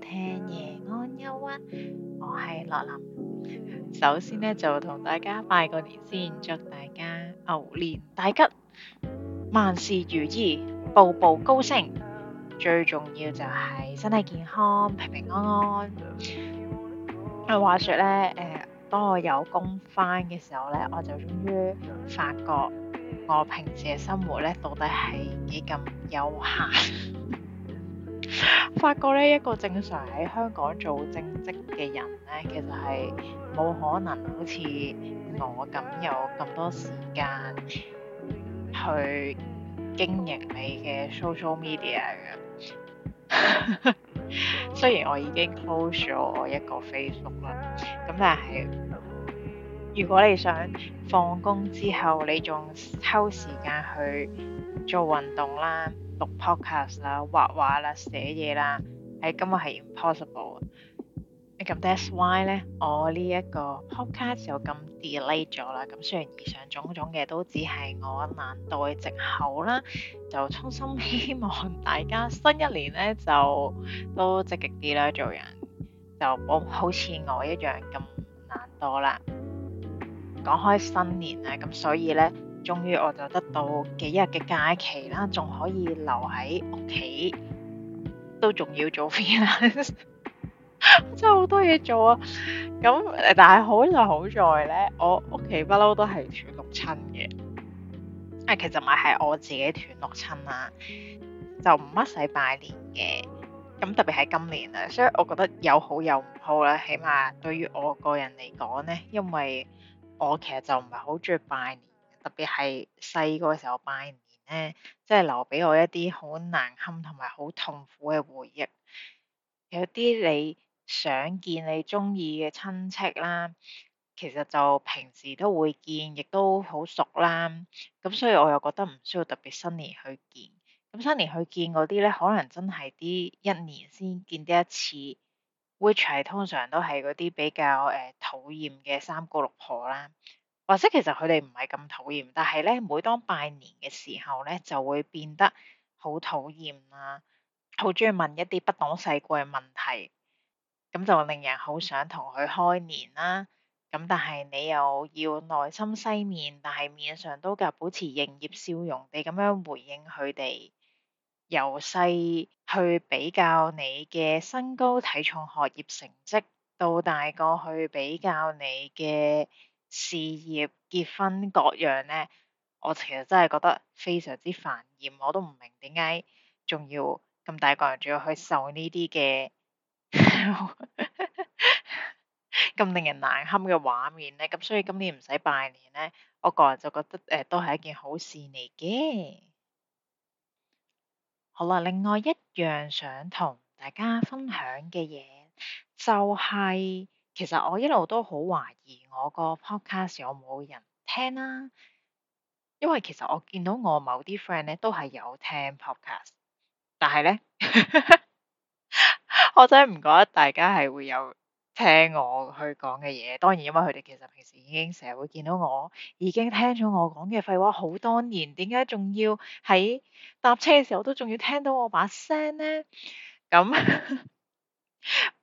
聽夜安憂鬱，我係樂琳。首先咧就同大家拜個年先，祝大家牛年大吉，萬事如意，步步高升。最重要就係身體健康，平平安安。啊，話說咧，誒，當我有工返嘅時候咧，我就終於發覺我平時嘅生活咧，到底係幾咁悠閒。發覺咧，一個正常喺香港做正職嘅人咧，其實係冇可能好似我咁有咁多時間去經營你嘅 social media 嘅。 雖然我已經 close 咗我一個 Facebook 啦，咁但係如果你想放工之後，你仲抽時間去做運動啦。讀 podcast 啦、畫畫啦、寫嘢啦，喺今日係 impossible。咁 that's why 咧，我呢一個 podcast 就咁 delay 咗啦。咁雖然以上種種嘅都只係我難度嘅藉口啦，就衷心希望大家新一年呢就都積極啲啦，做人就冇好似我一樣咁難度啦。講開新年咧，咁所以呢。終於我就得到幾日嘅假期啦，仲可以留喺屋企，都仲要做 freelance，真係好多嘢做啊！咁但係好就好在呢，我屋企不嬲都係斷六親嘅。啊，其實咪係我自己斷六親啦，就唔乜使拜年嘅。咁特別係今年啊，所以我覺得有好有唔好啦。起碼對於我個人嚟講呢，因為我其實就唔係好鍾意拜年。特別係細個嘅時候拜年咧，即係留俾我一啲好難堪同埋好痛苦嘅回憶。有啲你想見你中意嘅親戚啦，其實就平時都會見，亦都好熟啦。咁所以我又覺得唔需要特別新年去見。咁新年去見嗰啲咧，可能真係啲一年先見得一次，which 係通常都係嗰啲比較誒、呃、討厭嘅三姑六婆啦。或者其實佢哋唔係咁討厭，但係咧，每當拜年嘅時候咧，就會變得好討厭啦，好中意問一啲不懂世故嘅問題，咁就令人好想同佢開年啦、啊。咁但係你又要耐心西面，但係面上都夠保持營業笑容地咁樣回應佢哋，由細去比較你嘅身高體重學業成績，到大個去比較你嘅。事業、結婚各樣呢，我其實真係覺得非常之煩厭，我都唔明點解仲要咁大個人仲要去受呢啲嘅咁令人難堪嘅畫面呢。咁所以今年唔使拜年呢，我個人就覺得誒都係一件好事嚟嘅。好啦，另外一樣想同大家分享嘅嘢就係、是。其實我一路都好懷疑我個 podcast 有冇人聽啦，啊，因為其實我見到我某啲 friend 咧都係有聽 podcast，但係咧， 我真係唔覺得大家係會有聽我去講嘅嘢。當然，因為佢哋其實平時已經成日會見到我，已經聽咗我講嘅廢話好多年，點解仲要喺搭車嘅時候都仲要聽到我把聲咧？咁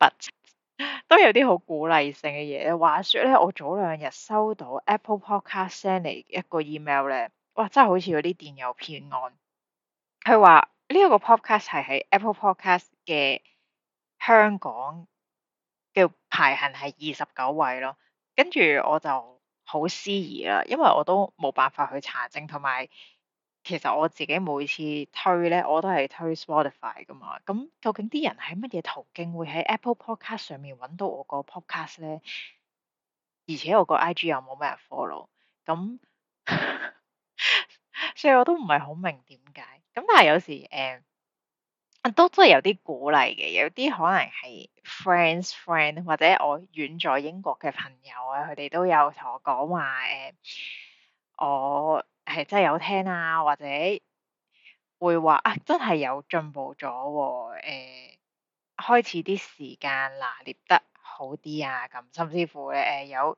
都有啲好鼓勵性嘅嘢。話說咧，我早兩日收到 Apple Podcast send 嚟一個 email 咧，哇，真係好似有啲電郵騙案。佢話呢一個 Podcast 係喺 Apple Podcast 嘅香港嘅排行係二十九位咯，跟住我就好思疑啦，因為我都冇辦法去查證，同埋。其實我自己每次推咧，我都係推 Spotify 噶嘛。咁究竟啲人喺乜嘢途徑會喺 Apple Podcast 上面揾到我個 Podcast 咧？而且我個 IG 又冇咩 follow，咁所以我都唔係好明點解。咁但係有時誒、嗯，都真係有啲鼓勵嘅。有啲可能係 friends friend 或者我遠在英國嘅朋友啊，佢哋都有同我講話誒，我。係真係有聽啊，或者會話啊，真係有進步咗喎，啊。誒、呃，開始啲時間拿捏得好啲啊，咁甚至乎誒、呃、有，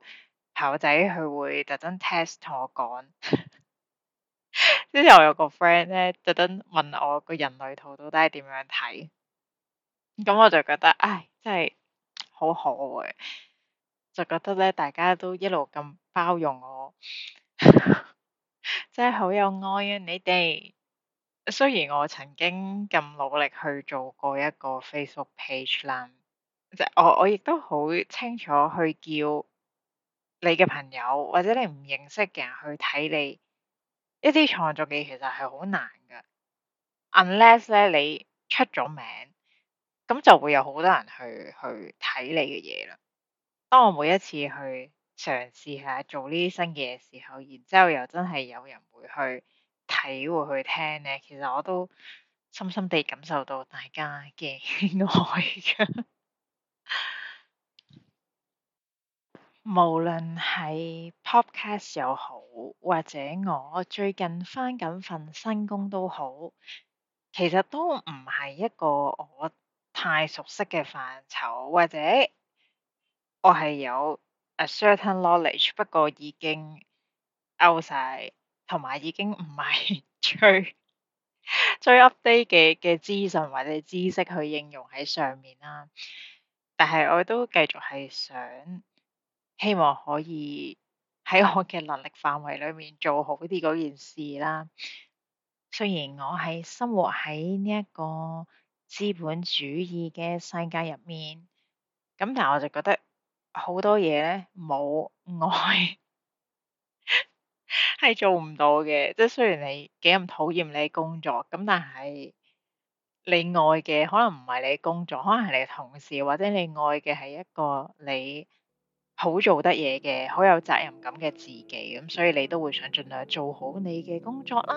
有朋友仔佢會特登 test 同我講。之後有個 friend 咧特登問我個人類圖到底係點樣睇？咁我就覺得唉，真係好可愛，啊，嘅，就覺得咧大家都一路咁包容我。 真係好有愛啊！你哋雖然我曾經咁努力去做過一個 Facebook page 啦，即係我我亦都好清楚去叫你嘅朋友或者你唔認識嘅人去睇你一啲創作嘅，其實係好難㗎。Unless 咧你出咗名，咁就會有好多人去去睇你嘅嘢啦。當我每一次去嘗試下做呢啲新嘅嘢時候，然之後又真係有人會去睇會去聽咧，其實我都深深地感受到大家嘅愛噶。 無論係 podcast 又好，或者我最近返緊份新工都好，其實都唔係一個我太熟悉嘅範疇，或者我係有，a certain knowledge，不過已經 out 曬，同埋已經唔係最最 update 嘅嘅資訊、或者知識去應用喺上面啦。但係我都繼續係想希望可以喺我嘅能力範圍裏面做好啲嗰件事啦。雖然我係生活喺呢一個資本主義嘅世界入面，咁但係我就覺得。好多嘢咧冇愛係做唔到嘅，即係雖然你幾咁討厭你工作，咁但係你愛嘅可能唔係你工作，可能係你同事，或者你愛嘅係一個你好做得嘢嘅，好有責任感嘅自己，咁所以你都會想盡量做好你嘅工作啦，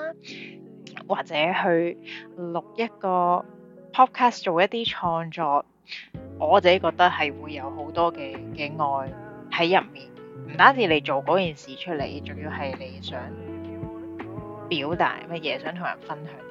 或者去錄一個 Podcast 做一啲創作。我自己覺得係會有好多嘅嘅愛喺入面，唔單止你做嗰件事出嚟，仲要係你想表達乜嘢，想同人分享。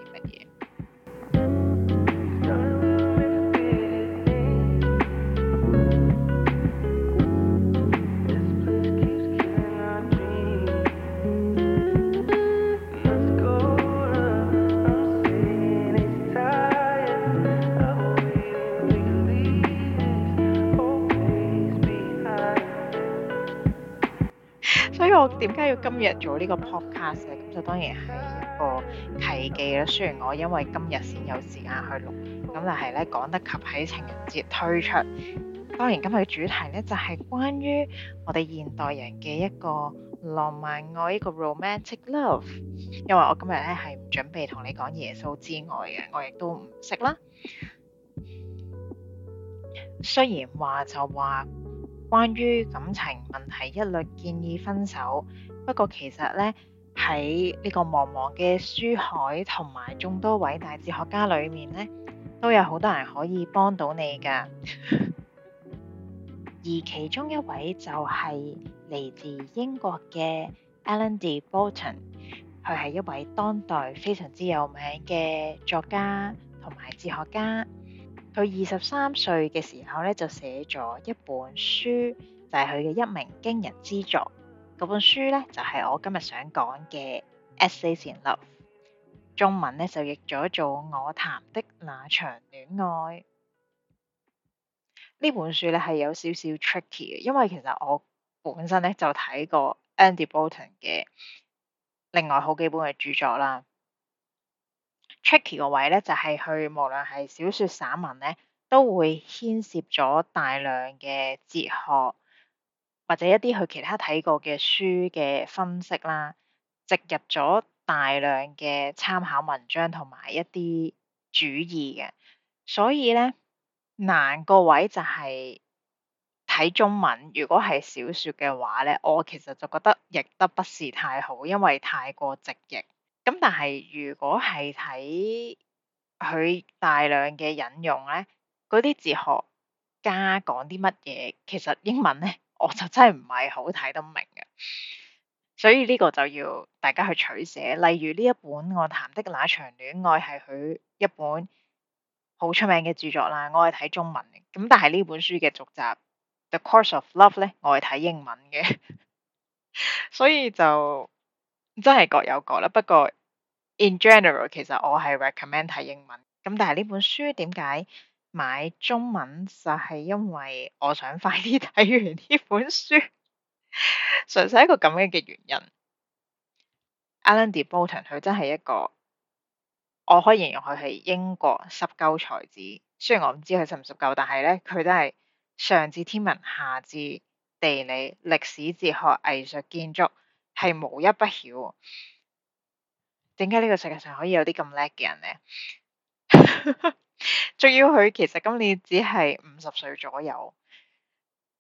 點解要今日做個呢個 podcast 咧？咁就當然係一個契機啦。雖然我因為今日先有時間去錄，咁但係咧，講得及喺情人節推出。當然今日嘅主題呢，就係、是、關於我哋現代人嘅一個浪漫愛呢個 romantic love。因為我今日咧係唔準備同你講耶穌之外嘅，我亦都唔識啦。雖然話就話。關於感情問題，一律建議分手。不過其實咧，喺呢個茫茫嘅書海同埋眾多位大哲學家裡面咧，都有好多人可以幫到你㗎。 而其中一位就係嚟自英國嘅 Alain de Botton，佢係一位當代非常之有名嘅作家同埋哲學家。佢二十三歲嘅時候咧，就寫咗一本書，就係佢嘅一鳴驚人之作。嗰本書咧，就係、是、我今日想講嘅《Essays in Love》，中文咧就譯咗做《我談的那場戀愛》。呢本書咧係有少少 tricky 嘅，因為其實我本身咧就睇過 Andy Bolton 嘅另外好幾本嘅著作啦。Tricky 個位咧就係去，無論係小説散文咧，都會牽涉咗大量嘅哲學，或者一啲去其他睇過嘅書嘅分析啦，植入咗大量嘅參考文章同埋一啲主意嘅，所以咧難個位就係睇中文。如果係小説嘅話咧，我其實就覺得譯得不是太好，因為太過直譯。咁但係如果係睇佢大量嘅引用咧，嗰啲哲學家講啲乜嘢，其實英文咧我就真係唔係好睇得明嘅，所以呢個就要大家去取捨。例如呢一本《我談的那場戀愛》係佢一本好出名嘅著作啦，我係睇中文嘅。咁但係呢本書嘅續集《The Course of Love》咧，我係睇英文嘅， 所以就真係各有各啦。不過 In general，其實我係 recommend 睇英文，咁但係呢本書點解買中文就係因為我想快啲睇完呢本書， 純粹一個咁樣嘅原因。Alain de Botton 佢真係一個，我可以形容佢係英國濕鳩才子。雖然我唔知佢濕唔濕鳩，但係咧佢真係上至天文，下至地理、歷史、哲學、藝術、建築，係無一不曉。點解呢個世界上可以有啲咁叻嘅人咧？仲要佢其實今年只係五十歲左右，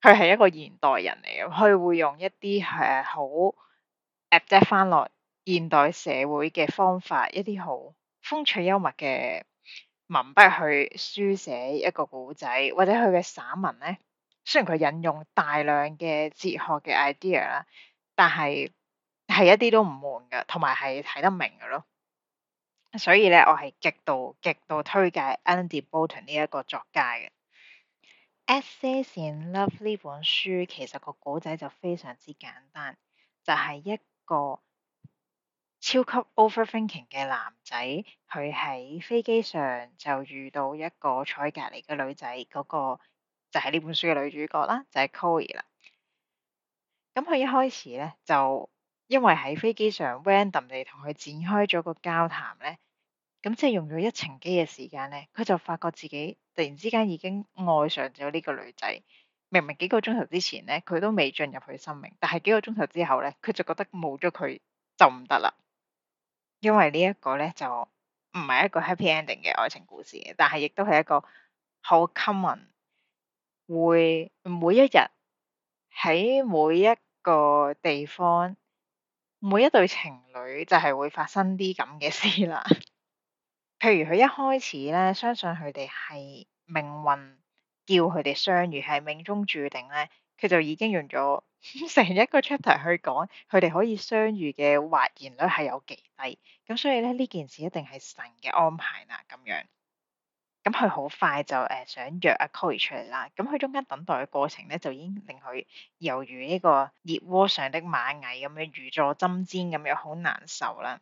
佢係一個現代人嚟嘅，佢會用一啲誒、啊、好 adapt 翻落現代社會嘅方法，一啲好風趣幽默嘅文筆去書寫一個古仔，或者佢嘅散文咧，雖然佢引用大量嘅哲學嘅 idea 啦，但係。係一啲都唔悶㗎，同埋係睇得明㗎咯。所以咧，我係極度極度推介 Andy Bolton 呢一個作家嘅《Assassin Love》呢本書，其實個故仔就非常之簡單，就係一個超級 overthinking 嘅男仔，佢喺飛機上就遇到一個坐喺隔離嘅女仔，嗰個就係呢本書嘅女主角啦，就係 Corey 啦。咁佢一開始咧就～因為喺飛機上 random 地同佢展開咗個交談咧，咁即係用咗一程機嘅時間咧，佢就發覺自己突然之間已經愛上咗呢個女仔。明明幾個鐘頭之前咧，佢都未進入佢生命，但係幾個鐘頭之後咧，佢就覺得冇咗佢就唔得啦。因為呢一個咧就唔係一個 happy ending 嘅愛情故事，但係亦都係一個好 common 會每一日喺每一個地方。每一對情侶就係會發生啲咁嘅事啦。譬 如佢一開始咧，相信佢哋係命運叫佢哋相遇，係命中注定咧，佢就已經用咗成一個 chapter 去講，佢哋可以相遇嘅或然率係有幾低。咁所以咧，呢件事一定係神嘅安排啦，咁樣。咁佢好快就誒想約阿 Colin 出嚟啦，咁佢中間等待嘅過程咧，就已經令佢猶如呢個熱鍋上的螞蟻咁樣，如坐針氈咁樣好難受啦。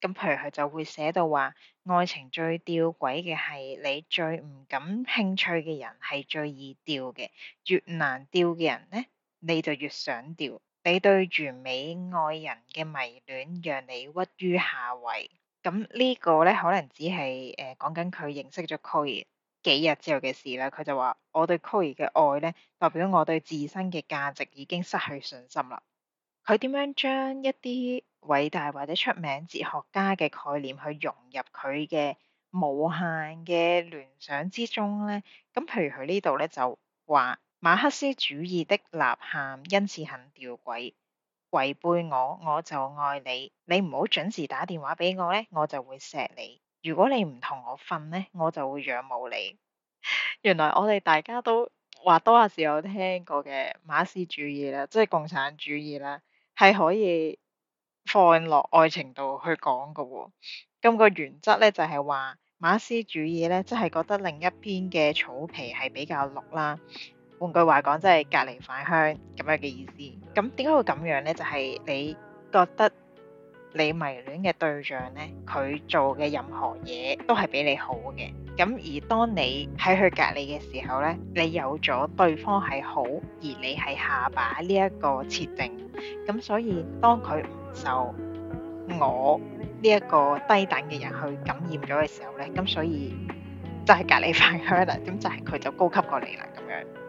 咁譬如佢就會寫到話，愛情最吊詭嘅係你最唔感興趣嘅人係最易吊嘅，越難吊嘅人咧，你就越想吊。你對完美愛人嘅迷戀，讓你屈於下位。咁呢個咧，可能只係誒講緊佢認識咗 Koy 幾日之後嘅事啦。佢就話：我對 Koy 嘅愛咧，代表我對自身嘅價值已經失去信心啦。佢點樣將一啲偉大或者出名哲學家嘅概念去融入佢嘅無限嘅聯想之中咧？咁譬如佢呢度咧就話：馬克思主義的吶喊因此很吊詭。違背我，我就愛你，你唔好準時打電話俾我呢，我就會錫你。如果你唔同我瞓呢，我就會仰慕你。 原來我哋大家都話多下時有聽過嘅馬克思主義啦，即係共產主義啦，係可以放落愛情度去講噶喎。咁個原則呢，就係話馬克思主義呢，即係覺得另一邊嘅草皮係比較綠啦。換句話講，即係隔離返鄉咁樣嘅意思。咁點解會咁樣呢？就係你覺得你迷戀嘅對象呢，佢做嘅任何嘢都係比你好嘅。咁而當你喺佢隔離嘅時候呢，你有咗對方係好，而你係下把呢一個設定。咁所以當佢唔受我呢一個低等嘅人去感染咗嘅時候呢，咁所以就係隔離返鄉啦。咁就係佢就高級過你啦咁樣。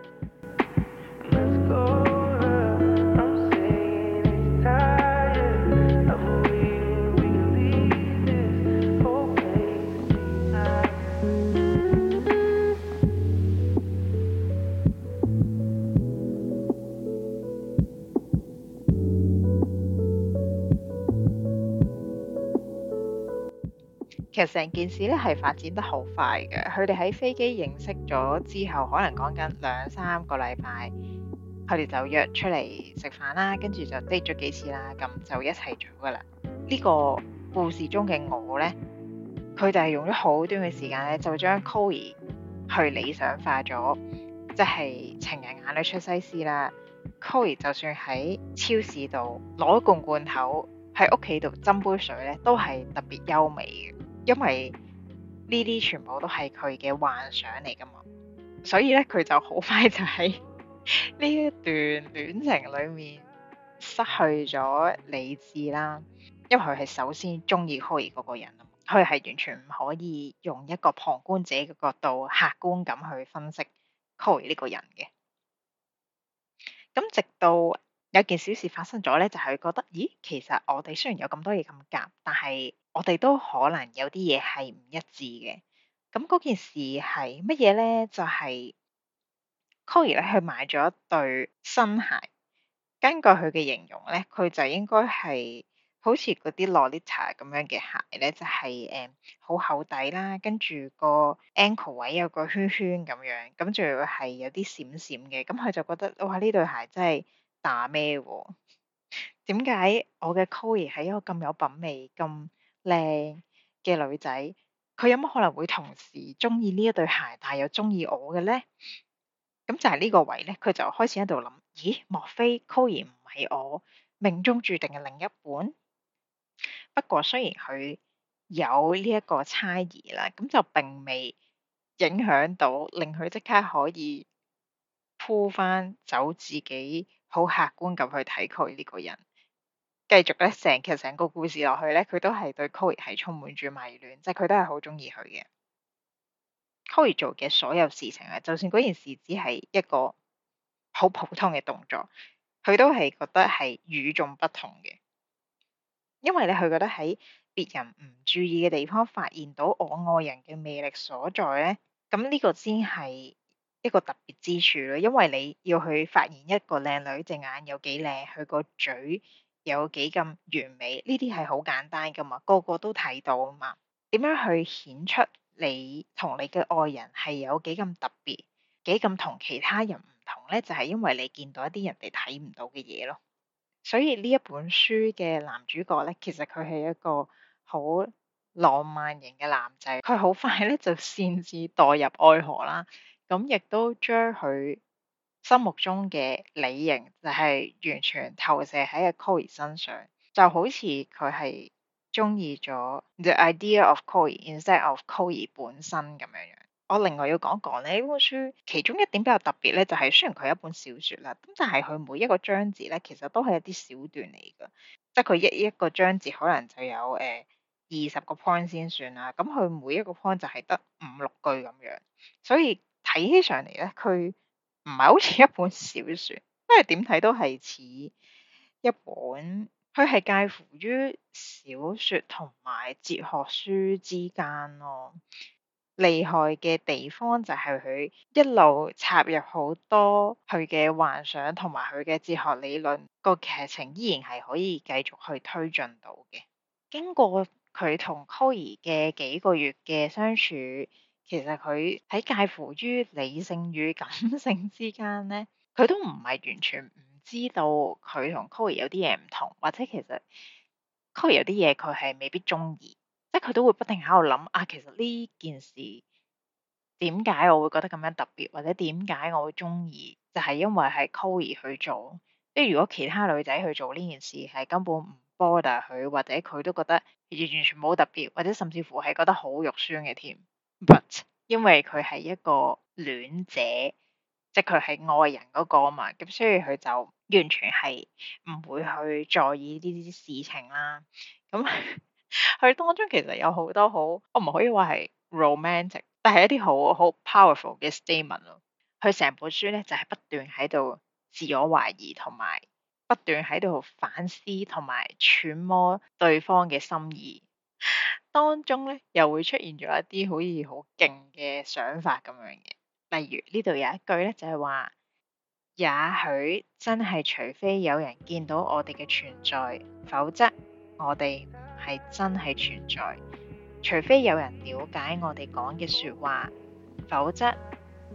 其實成件事咧係發展得好快嘅。佢哋喺飛機認識咗之後，可能講緊兩三個禮拜，佢哋就約出嚟食飯啦，跟住就 date 咗幾次啦，咁就一齊做噶啦。呢、呢個故事中嘅我呢，佢哋係用咗好短嘅時間咧，就將 Cory 去理想化咗，即係情人眼裏出西施啦。 Cory 就算喺超市度攞罐罐頭，喺屋企度斟杯水咧，都係特別優美嘅。因為呢啲全部都係佢嘅幻想嚟㗎嘛，所以咧佢就好快就喺呢一段戀情裡面失去咗理智啦。因為佢係首先中意 Koy 嗰個人，佢係完全唔可以用一個旁觀者嘅角度客觀咁去分析 Koy 呢個人嘅。咁直到有件小事發生咗咧，就係佢覺得，咦，其實我哋雖然有咁多嘢咁夾，但係我哋都可能有啲嘢係唔一致嘅。咁嗰件事係乜嘢咧？就係 Corey 咧去買咗對新鞋，根據佢嘅形容咧，佢就應該係好似嗰啲 lolita 咁樣嘅鞋咧，就係誒好厚底啦，跟住個 ankle 位有個圈圈咁樣，咁仲要係有啲閃閃嘅。咁佢就覺得，哇！呢對鞋真係～打咩喎？點解我嘅 Koey 係一個咁有品味、咁靚嘅女仔，佢有乜可能會同時中意呢一對鞋，但係又中意我嘅咧？咁就係呢個位咧，佢就開始喺度諗：「咦，莫非 Koey 唔係我命中注定嘅另一半？」不過雖然佢有呢一個猜疑啦，咁就並未影響到令佢即刻可以鋪返走自己。好客觀咁去睇佢呢個人，繼續咧成劇成個故事落去咧，佢都係對 Coie 係充滿住迷戀，即係佢都係好中意佢嘅 Coie 做嘅所有事情啊，就算嗰件事只係一個好普通嘅動作，佢都係覺得係與眾不同嘅，因為咧佢覺得喺別人唔注意嘅地方發現到我愛人嘅魅力所在咧，咁呢個先係。一個特別之處咯，因為你要去發現一個靚女隻眼有幾靚，佢個嘴有幾咁完美，呢啲係好簡單噶嘛，個個都睇到啊嘛。點樣去顯出你同你嘅愛人係有幾咁特別，幾咁同其他人唔同呢？就係、是、因為你見到一啲人哋睇唔到嘅嘢咯。所以呢一本書嘅男主角呢，其實佢係一個好浪漫型嘅男仔，佢好快呢，就先至墜入愛河啦。咁亦都將佢心目中嘅理型就係完全投射喺阿 Coir 身上，就好似佢係中意咗 The Idea of Coir instead of Coir 本身咁樣樣。我另外要講講呢本書其中一點比較特別咧，就係雖然佢係一本小説啦，咁但係佢每一個章節咧，其實都係一啲小段嚟嘅。即係佢一一個章節可能就有誒二十個 point 先算啦，咁佢每一個 point 就係得五六句咁樣，所以。睇起上嚟咧，佢唔係好似一本小説，因為點睇都係似一本，佢係介乎於小説同埋哲學書之間咯。厲害嘅地方就係佢一路插入好多佢嘅幻想同埋佢嘅哲學理論，這個劇情依然係可以繼續去推進到嘅。經過佢同 Coy 嘅幾個月嘅相處。其實佢喺介乎於理性與感性之間咧，佢都唔係完全唔知道佢同 Coyle 有啲嘢唔同，或者其實 Coyle 有啲嘢佢係未必中意，即係佢都會不停喺度諗，啊，其實呢件事點解我會覺得咁樣特別，或者點解我會中意，就係因為係 Coyle 去做。即係如果其他女仔去做呢件事，係根本唔 border 佢，或者佢都覺得完全冇特別，或者甚至乎係覺得好肉酸嘅添。But 因為佢係一個戀者，即係佢係愛人嗰個啊嘛，咁所以佢就完全係唔會去在意呢啲事情啦。咁、嗯、佢 當中其實有好多好，我唔可以話係 romantic，但係一啲好好 powerful 嘅 statement 咯。佢成本書咧就係、是、不斷喺度自我懷疑，同埋不斷喺度反思同埋揣摩對方嘅心意。當中咧，又會出現咗一啲好似好勁嘅想法咁樣嘅，例如呢度有一句咧，就係話：也許真係除非有人見到我哋嘅存在，否則我哋唔係真係存在；除非有人了解我哋講嘅説話，否則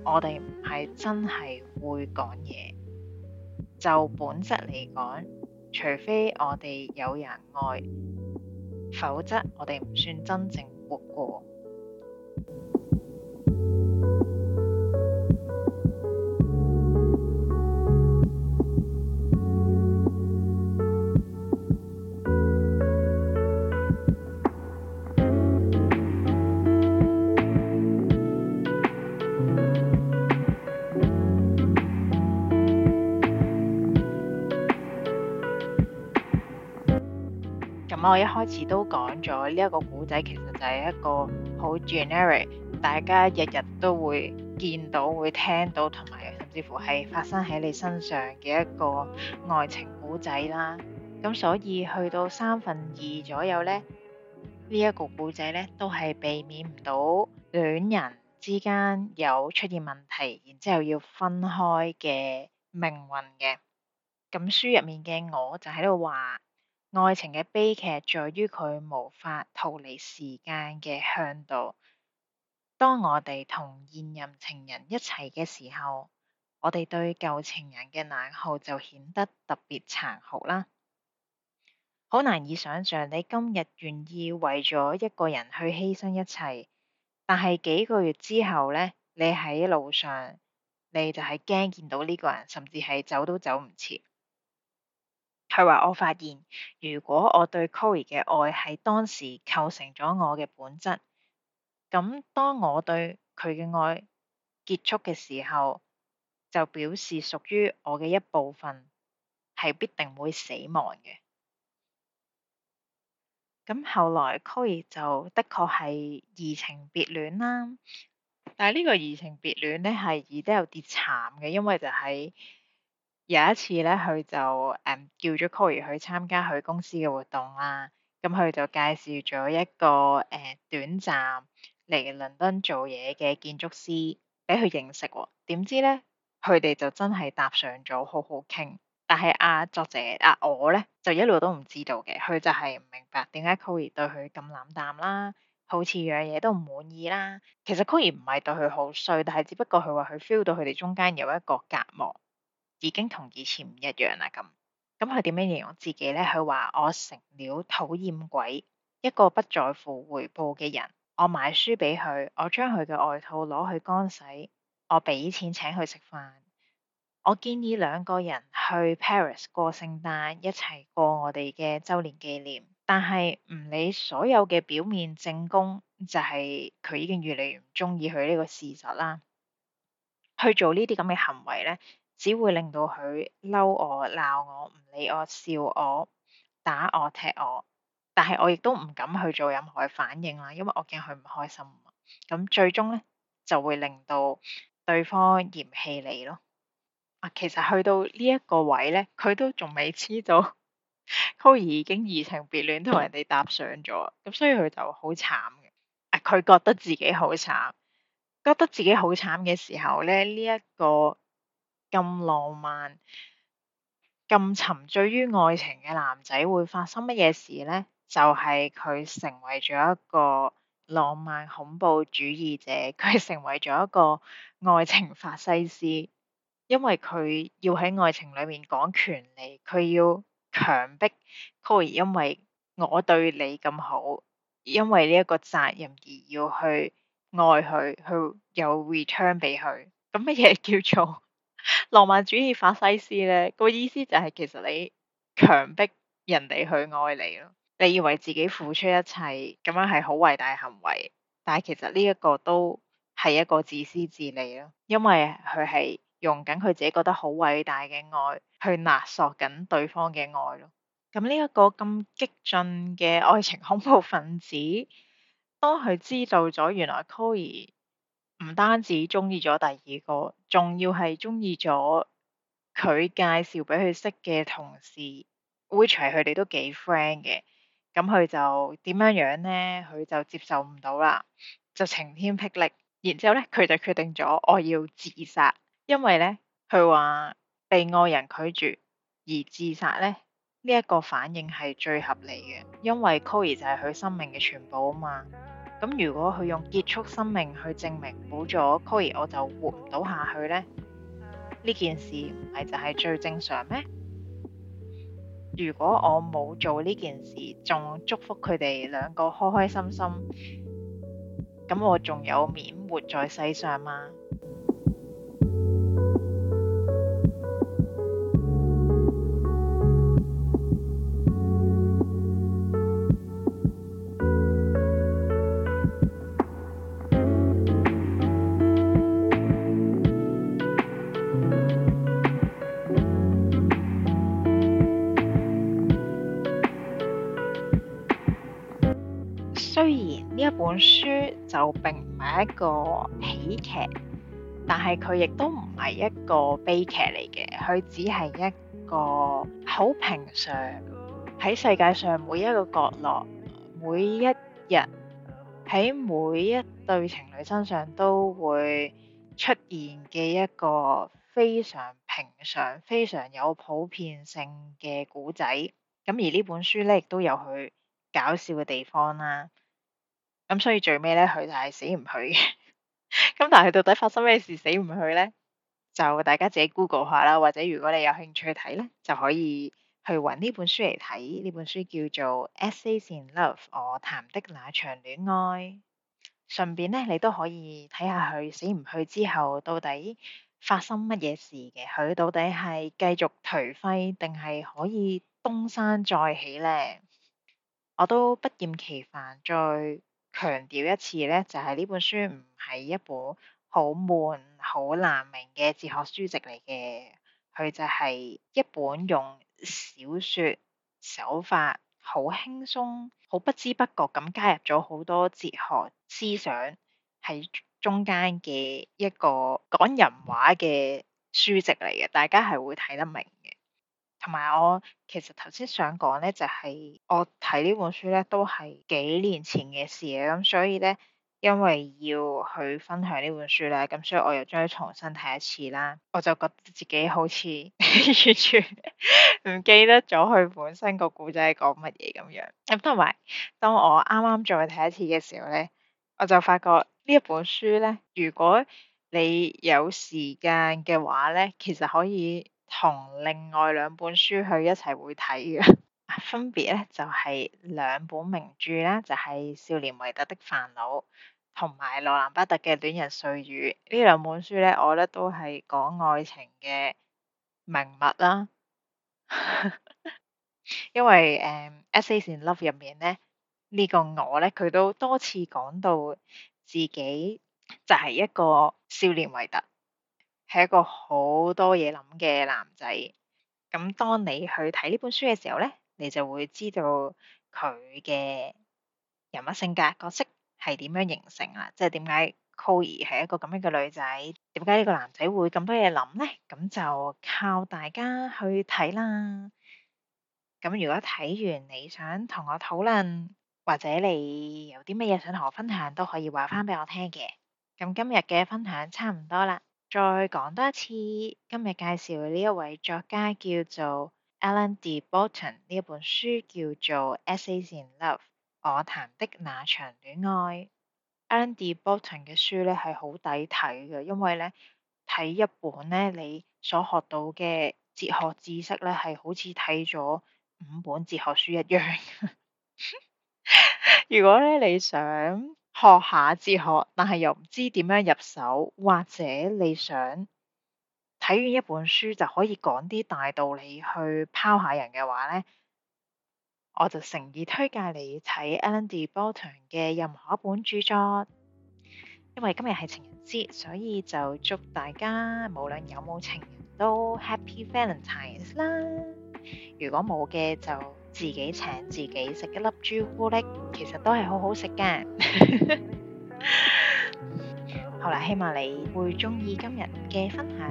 我哋唔係真係會講嘢。就本質嚟講，除非我哋有人愛。否則我哋唔算真正活過。我一開始都講咗，呢一個故仔其實就係一個好 generic，大家日日都會見到、會聽到，同埋甚至乎係發生喺你身上嘅一個愛情故仔啦。咁所以去到三分二左右呢，呢一個故仔呢都係避免唔到兩人之間有出現問題，然之後要分開嘅命運嘅。咁書入面嘅我就喺度話。愛情嘅悲劇在於佢無法逃離時間嘅向度。當我哋同現任情人一齊嘅時候，我哋對舊情人嘅冷酷就顯得特別殘酷啦。好難以想像，你今日願意為咗一個人去犧牲一切，但係幾個月之後呢，你喺路上你就係驚見到呢個人，甚至係走都走唔切。佢話：我發現，如果我對 Cory 嘅愛喺當時構成咗我嘅本質，咁當我對佢嘅愛結束嘅時候，就表示屬於我嘅一部分係必定會死亡嘅。咁後來 Cory 就的確係移情別戀啦，但係呢個移情別戀咧係移得有啲慘嘅，因為就喺、是……有一次咧，佢就誒、嗯、叫咗 Coir 去參加佢公司嘅活動啦。咁、嗯、佢就介紹咗一個誒、呃、短暫嚟倫敦做嘢嘅建築師俾佢認識喎、哦。點知咧，佢哋就真係搭上咗好好傾。但係阿、啊、作者阿、啊、我咧，就一路都唔知道嘅。佢就係唔明白點解 Coir 對佢咁冷淡啦，好似樣嘢都唔滿意啦。其實 Coir 唔係對佢好衰，但係只不過佢話佢 feel 到佢哋中間有一個隔膜。已經同以前唔一樣啦，咁，咁佢點樣形容自己咧？佢話：我成了討厭鬼，一個不在乎回報嘅人。我買書俾佢，我將佢嘅外套攞去乾洗，我俾錢請佢食飯，我建議兩個人去 Paris 過聖誕，一齊過我哋嘅周年紀念。但係唔理所有嘅表面證供，就係、是、佢已經越嚟越唔中意佢呢個事實啦。去做呢啲咁嘅行為咧。只會令到佢嬲我、鬧我、唔理我、笑我、打我、踢我，但係我亦都唔敢去做任何反應啦，因為我驚佢唔開心。咁最終咧就會令到對方嫌棄你咯。啊，其實去到呢一個位咧，佢都仲未知道，高 兒已經移情別戀，同人哋搭上咗，咁所以佢就好慘嘅。啊，佢覺得自己好慘，覺得自己好慘嘅時候咧，呢、這、一個。咁浪漫、咁沉醉於愛情嘅男仔會發生乜嘢事呢？就係、是、佢成為咗一個浪漫恐怖主義者，佢成為咗一個愛情法西斯，因為佢要喺愛情裏面講權利，佢要強迫，Coy 因為我對你咁好，因為呢一個責任而要去愛佢，去有 return 俾佢。咁乜嘢叫做？浪漫主義法西斯咧，個意思就係其實你強迫人哋去愛你咯，你以為自己付出一切咁樣係好偉大嘅行為，但係其實呢一個都係一個自私自利咯，因為佢係用緊佢自己覺得好偉大嘅愛去勒索緊對方嘅愛咯。咁呢一個咁激進嘅愛情恐怖分子，當佢知道咗原來 Coy 唔單止中意咗第二個，仲要係中意咗佢介紹俾佢識嘅同事會除佢哋都幾 friend 嘅。咁佢就點樣樣呢？佢就接受唔到啦，就晴天霹靂。然之後咧，佢就決定咗我要自殺，因為咧，佢話被愛人拒絕而自殺咧，呢、這、一個反應係最合理嘅，因為 Koey 就係佢生命嘅全部啊嘛。咁如果佢用結束生命去證明冇咗 Koi 我就活唔到下去呢，呢件事唔係就係最正常咩？如果我冇做呢件事，仲祝福佢哋兩個開開心心，咁我仲有面活在世上嗎？本書就並唔係一個喜劇，但係佢亦都唔係一個悲劇嚟嘅，佢只係一個好平常喺世界上每一個角落、每一日喺每一對情侶身上都會出現嘅一個非常平常、非常有普遍性嘅故仔。咁而呢本書呢，亦都有佢搞笑嘅地方啦。咁、嗯、所以最尾咧，佢就係死唔去嘅。咁 但係佢到底發生咩事死唔去咧？就大家自己 Google 下啦，或者如果你有興趣睇咧，就可以去揾呢本書嚟睇。呢本書叫做《Essays in Love》，我談的那場戀愛。順便咧，你都可以睇下佢死唔去之後到底發生乜嘢事嘅。佢到底係繼續頹廢定係可以東山再起咧？我都不厭其煩再強調一次咧，就係呢本書唔係一本好悶、好難明嘅哲學書籍嚟嘅，佢就係一本用小說手法，好輕鬆、好不知不覺咁加入咗好多哲學思想喺中間嘅一個講人話嘅書籍嚟嘅，大家係會睇得明嘅。同埋我其實頭先想講咧，就係我睇呢本書咧，都係幾年前嘅事。咁所以咧，因為要去分享呢本書咧，咁所以我又將佢重新睇一次啦。我就覺得自己好似 完全唔記得咗佢本身個故仔講乜嘢咁樣。咁同埋當我啱啱再睇一次嘅時候咧，我就發覺呢一本書咧，如果你有時間嘅話咧，其實可以。同另外兩本書去一齊會睇嘅， 分別咧就係、是、兩本名著啦，就係、是《少年維特的煩惱》同埋《羅蘭巴特嘅戀人絮語》呢兩本書咧，我咧都係講愛情嘅名物啦。 因為誒、嗯《S A i Love》入面咧呢個我咧，佢都多次講到自己就係一個少年維特。係一個好多嘢諗嘅男仔，咁當你去睇呢本書嘅時候咧，你就會知道佢嘅人物性格角色係點樣形成啦，即係點解 Chloe 係一個咁樣嘅女仔，點解呢個男仔會咁多嘢諗咧？咁就靠大家去睇啦。咁如果睇完你想同我討論，或者你有啲乜嘢想同我分享，都可以話翻俾我聽嘅。咁今日嘅分享差唔多啦。再講多一次，今日介紹呢一位作家叫做 Alain de Botton，呢一本書叫做《Essays in Love》，我談的那場戀愛。Alain de Botton 嘅書咧係好抵睇嘅，因為咧睇一本咧，你所學到嘅哲學知識咧係好似睇咗五本哲學書一樣。 如果咧你想，學下哲學，但係又唔知點樣入手，或者你想睇完一本書就可以講啲大道理去拋下人嘅話咧，我就誠意推介你睇 Alain de Botton 嘅任何一本著作。因為今日係情人節，所以就祝大家無論有冇情人都 Happy Valentine 啦！如果冇嘅就自己請自己食一粒朱古力，其實都係好好食噶。好啦，希望你會中意今日嘅分享，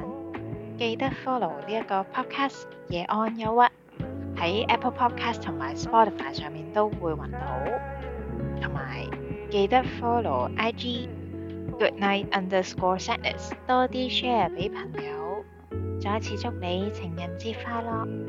記得 follow 呢一個 podcast《夜安憂鬱》，喺 Apple Podcast 同埋 Spotify 上面都會揾到，同埋記得 follow IG《Good Night Underscore Sadness》，多啲 share 俾朋友。再一次祝你情人節快樂！